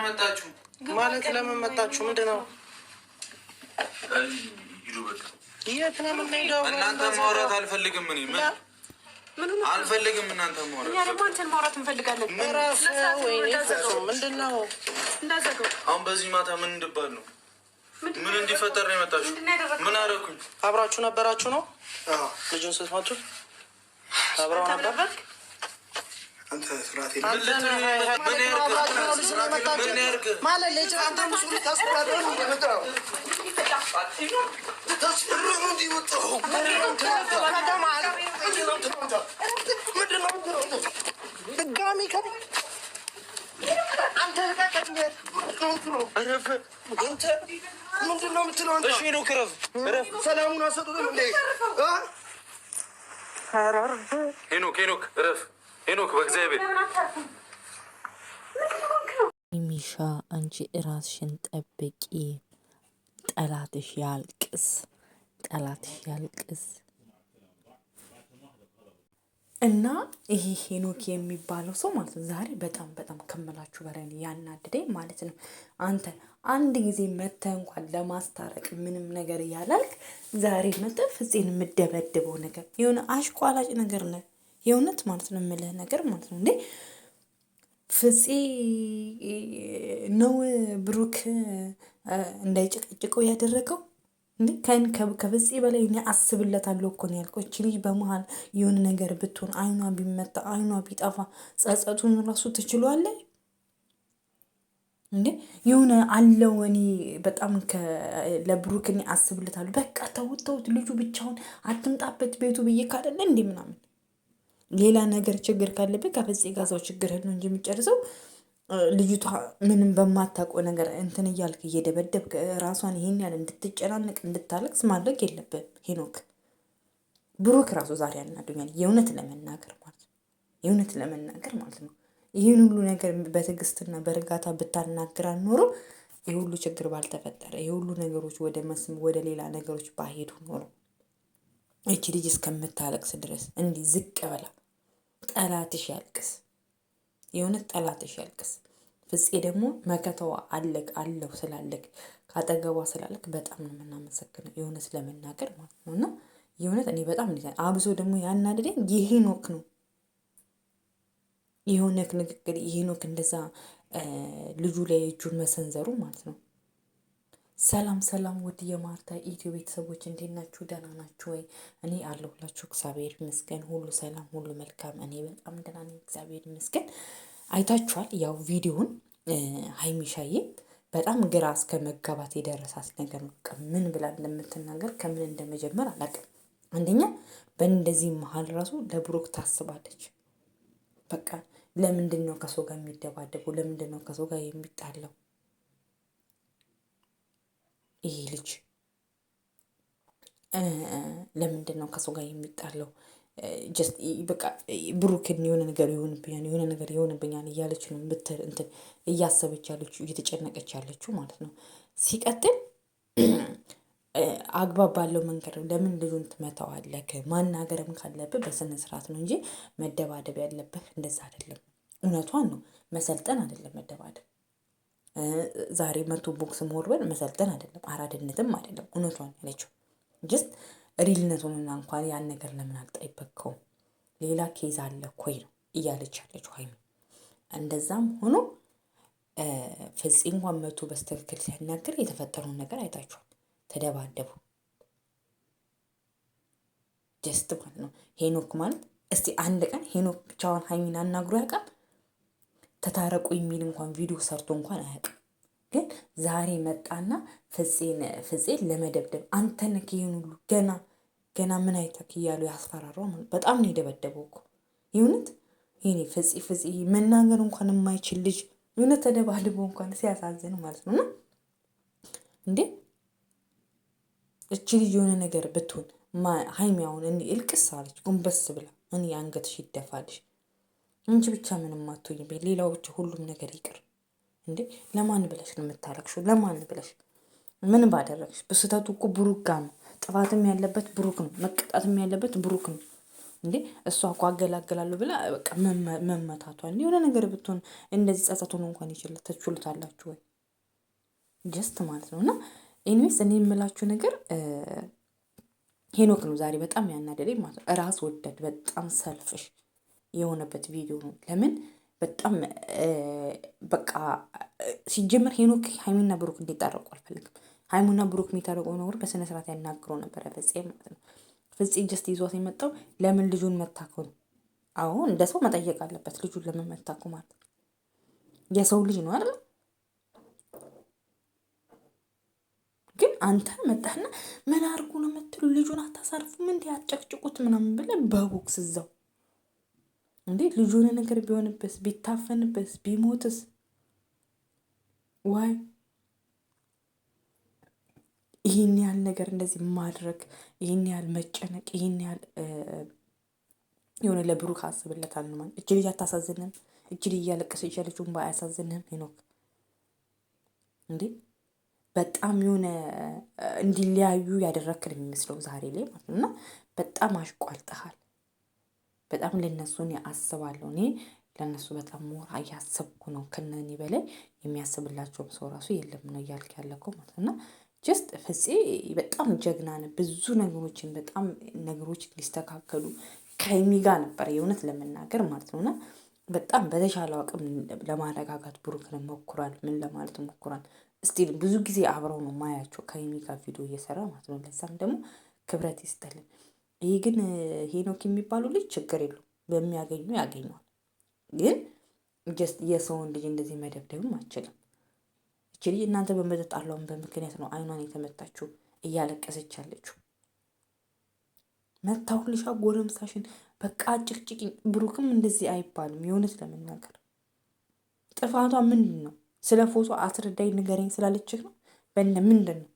ለምን መጣችሁ? ማለት ለምን መጣችሁ? ምንድን ነው? የት ነው የምንሄደው? እናንተ ማውራት አልፈልግም። እኔ ምን አልፈልግም እናንተ ማውራት። እኛ ደግሞ አንተን ማውራት እንፈልጋለን። ምንድን ነው? አሁን በዚህ ማታ ምን እንድባል ነው? ምን እንዲፈጠር ነው የመጣችሁ? ምን አደረኩኝ? አብራችሁ ነበራችሁ ነው ልጁን ስትመቱት አብረው ነበር ምንድነው የምትለው? እሺ ነው ክረፍ ሰላሙን አሰጡትም እንዴ ሄኖክ ሄኖክ እረፍ። ሄኖክ በእግዚአብሔር ሚሻ አንቺ እራስሽን ጠብቂ። ጠላትሽ ያልቅስ፣ ጠላትሽ ያልቅስ እና ይሄ ሄኖክ የሚባለው ሰው ማለት ነው ዛሬ በጣም በጣም ከምላችሁ በላይ ያናደደ ማለት ነው። አንተ አንድ ጊዜ መተህ እንኳን ለማስታረቅ ምንም ነገር እያላልክ ዛሬ መተህ ፍፄን የምደበድበው ነገር የሆነ አሽቋላጭ ነገር ነው። የእውነት ማለት ነው የምልህ ነገር ማለት ነው እንዴ ፍፄ ነው ብሩክ እንዳይጨቀጭቀው ያደረገው። ከን ከፍፄ በላይ እኔ አስብለታለሁ እኮ ነው ያልኩት። እች ልጅ በመሀል የሆነ ነገር ብትሆን አይኗ ቢመታ አይኗ ቢጠፋ ጸጸቱን ራሱ ትችሏለ እንዴ? የሆነ አለው። እኔ በጣም ለብሩክ እኔ አስብለታለሁ። በቃ ተውት ተውት፣ ልጁ ብቻውን አትምጣበት ቤቱ ብዬ ካደለ እንዴ ምናምን ሌላ ነገር ችግር ካለብህ ከፍፄ ጋር እዛው ችግርህን ነው እንጂ የምጨርሰው ልጅቷ ምንም በማታውቀው ነገር እንትን እያልክ እየደበደብ ራሷን ይሄን ያህል እንድትጨናነቅ እንድታለቅስ ማድረግ የለብህም ሄኖክ። ብሩክ ራሱ ዛሬ ያናዱኛል፣ የእውነት ለመናገር ማለት ነው። የእውነት ለመናገር ማለት ነው። ይህን ሁሉ ነገር በትዕግስትና በእርጋታ ብታናግር ኖሮ ይህ ሁሉ ችግር ባልተፈጠረ፣ ይህ ሁሉ ነገሮች ወደ መስም ወደ ሌላ ነገሮች ባሄዱ ኖሮ እቺ ልጅ እስከምታለቅስ ድረስ እንዲህ ዝቅ ብላ ጠላትሽ ያልቅስ፣ የእውነት ጠላትሽ ያልቅስ። ፍፄ ደግሞ መከተዋ አለቅ አለው ስላለቅ ካጠገቧ ስላለቅ በጣም ነው የምናመሰግነው፣ የእውነት ለመናገር ማለት ነው እና የእውነት እኔ በጣም እንዴት አብሶ ደግሞ ያናደደኝ የሄኖክ ነው። የሆነክ ንግግር ይህኖክ እንደዛ ልጁ ላይ እጁን መሰንዘሩ ማለት ነው። ሰላም ሰላም ውድ የማርታ ኢትዮ ቤተሰቦች እንዴት ናችሁ? ደህና ናችሁ ወይ? እኔ አለሁላችሁ። እግዚአብሔር ይመስገን፣ ሁሉ ሰላም፣ ሁሉ መልካም። እኔ በጣም ደህና ነኝ፣ እግዚአብሔር ይመስገን። አይታችኋል ያው ቪዲዮውን ሀይሚሻዬ በጣም ግራ እስከ መጋባት የደረሳት ነገር ነው። ምን ብላ እንደምትናገር ከምን እንደመጀመር አላውቅም። አንደኛ በእንደዚህ መሀል ራሱ ለብሩክ ታስባለች። በቃ ለምንድን ነው ከሰው ጋር የሚደባደበው? ለምንድን ነው ከሰው ጋር የሚጣለው? ይሄ ልጅ ለምንድን ነው ከሰው ጋር የሚጣለው? በቃ ብሩክን የሆነ ነገር ይሆንብኛል የሆነ ነገር ይሆንብኛል እያለች ነው እንትን እያሰበች ያለችው እየተጨነቀች ያለችው ማለት ነው። ሲቀጥል አግባብ ባለው መንገድ ለምን ልጁን ትመታዋለህ? ማናገርም ካለብህ በስነ ስርዓት ነው እንጂ መደባደብ ያለብህ እንደዛ አይደለም። እውነቷን ነው። መሰልጠን አይደለም መደባደብ ዛሬ መቶ ቦክስ መወርወር መሰልጠን አይደለም፣ አራድነትም አይደለም። እውነቷን ያለችው ጅስት ሪልነቱንና እንኳን ያን ነገር ለምን አልጠይበከውም ሌላ ኬዝ አለ ኮይ ነው እያለች ያለችው ሀይሚ። እንደዛም ሆኖ ፍፄ እንኳን መቶ በስትክክል ሲያናገር የተፈጠረውን ነገር አይታችኋል። ተደባደቡ ጀስት ማለት ነው ሄኖክ ማለት እስቲ አንድ ቀን ሄኖክ ብቻውን ሀይሚን አናግሮ ያውቃል? ተታረቁ የሚል እንኳን ቪዲዮ ሰርቶ እንኳን አያውቅም። ግን ዛሬ መጣና ፍፄን ለመደብደብ አንተ ነህ ሁሉ ገና ገና ምን አይተክ እያሉ ያስፈራራው። በጣም ነው የደበደበው እኮ ይሁንት ይኔ ፍፄ ፍፄ መናገር እንኳን የማይችል ልጅ ይሁንት ተደባልቦ እንኳን ሲያሳዝን ማለት ነው። እና እንዴ እቺ ልጅ የሆነ ነገር ብትሆን ሀይሚያውን እኔ እልቅስ አለች ጎንበስ ብላ እኔ አንገትሽ ይደፋልሽ እንጂ ብቻ ምንም አትሆኝም፣ ሌላው ብቻ ሁሉም ነገር ይቅር። እንዴ ለማን ብለሽ ነው የምታለቅሽው? ለማን ብለሽ ምን ባደረግሽ? በስተቱ እኮ ብሩክ ጋር ነው። ጥፋትም ያለበት ብሩክ ነው። መቀጣትም ያለበት ብሩክ ነው። እንዴ እሷ እኮ አገላገላለሁ ብላ በቃ መመታቷን የሆነ ነገር ብትሆን እንደዚህ ጸጸት እንኳን ይችላል። ተችሉታላችሁ ወይ ጀስት ማለት ነው። እና ኤኒዌይስ እኔ የምላችሁ ነገር ሄኖክ ነው ዛሬ በጣም ያናደደኝ ማለት ነው። ራስ ወዳድ በጣም ሰልፍሽ የሆነበት ቪዲዮ ነው። ለምን በጣም በቃ ሲጀመር ሄኖክ ሀይሚና ብሩክ እንዲጣረቁ አልፈልግም። ሀይሙና ብሩክ የሚታረቁ ነገር በስነ ስርዓት ያናግሮ ነበረ ፍጼ ማለት ነው። ፍጼ ጀስት ይዟት የመጣው ለምን ልጁን መታከው ነው። አዎ እንደ ሰው መጠየቅ አለበት። ልጁን ለምን መታከው ማለት ነው። የሰው ልጅ ነው አይደል? ግን አንተ መጣህና ምን አርጉ ነው የምትሉ ልጁን አታሳርፉም እንዲህ አጨቅጭቁት ምናምን ብለን በቦክስ እዛው እንዴ ልጁ የሆነ ነገር ቢሆንበት ቢታፈንበት ቢሞትስ? ዋይ ይህን ያህል ነገር እንደዚህ ማድረግ፣ ይህን ያህል መጨነቅ፣ ይህን ያህል የሆነ ለብሩክ አስብለታል ነው ማለት እጅ ልጅ አታሳዝንም? እጅ ልጅ እያለቀሰች ያለችው እንባ አያሳዝንም? ሄኖክ እንዴ በጣም የሆነ እንዲለያዩ ያደረክን የሚመስለው ዛሬ ላይ ማለት ነው እና በጣም አሽቋልጠሃል። በጣም ለነሱ እኔ አስባለሁ። እኔ ለነሱ በጣም ሞራ እያሰብኩ ነው። ከነኔ በላይ የሚያስብላቸውም ሰው ራሱ የለም ነው እያልክ ያለከው ማለት እና ጀስት ፍፄ በጣም ጀግና ነ ብዙ ነገሮችን በጣም ነገሮች ሊስተካከሉ ከሀይሚ ጋር ነበር የእውነት ለመናገር ማለት ነውና በጣም በተሻለው አቅም ለማረጋጋት ብሩክን ሞክሯል። ምን ለማለት ሞክሯል። እስቲል ብዙ ጊዜ አብረው ነው ማያቸው ከሀይሚ ጋር ቪዲዮ እየሰራ ማለት ነው። ለዛም ደግሞ ክብረት ይስጠልን። ይሄ ግን ሄኖክ የሚባሉ ልጅ ችግር የለውም በሚያገኙ ያገኘዋል። ግን የሰውን ልጅ እንደዚህ መደብደብም አይችልም። እች ልጅ እናንተ በመጠጣለውን በምክንያት ነው አይኗን የተመታችው እያለቀሰች ያለችው። ልሻ ጎረምሳሽን በቃ ጭቅጭቅኝ። ብሩክም እንደዚህ አይባልም። የእውነት ለመናገር ጥፋቷ ምንድን ነው? ስለ ፎቶ አስረዳኝ ንገረኝ ስላለችህ ነው። በእነ ምንድን ነው